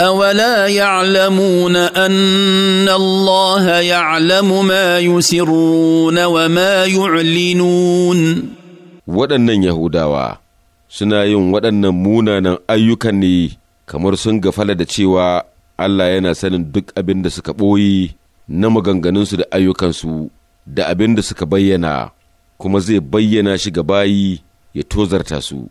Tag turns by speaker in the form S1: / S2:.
S1: أولا يعلمون أن الله يعلم ما يسرون وما يعلنون waɗannan
S2: Yahudawa suna yin waɗannan munanan ayyukan ne kamar sun gafala da cewa Allah yana sanin duk abin da suka ɓoyi na maganganunsu da
S3: ayyukansu da abin da suka bayyana kuma zai bayyana shi ga bayi ya tozarta su.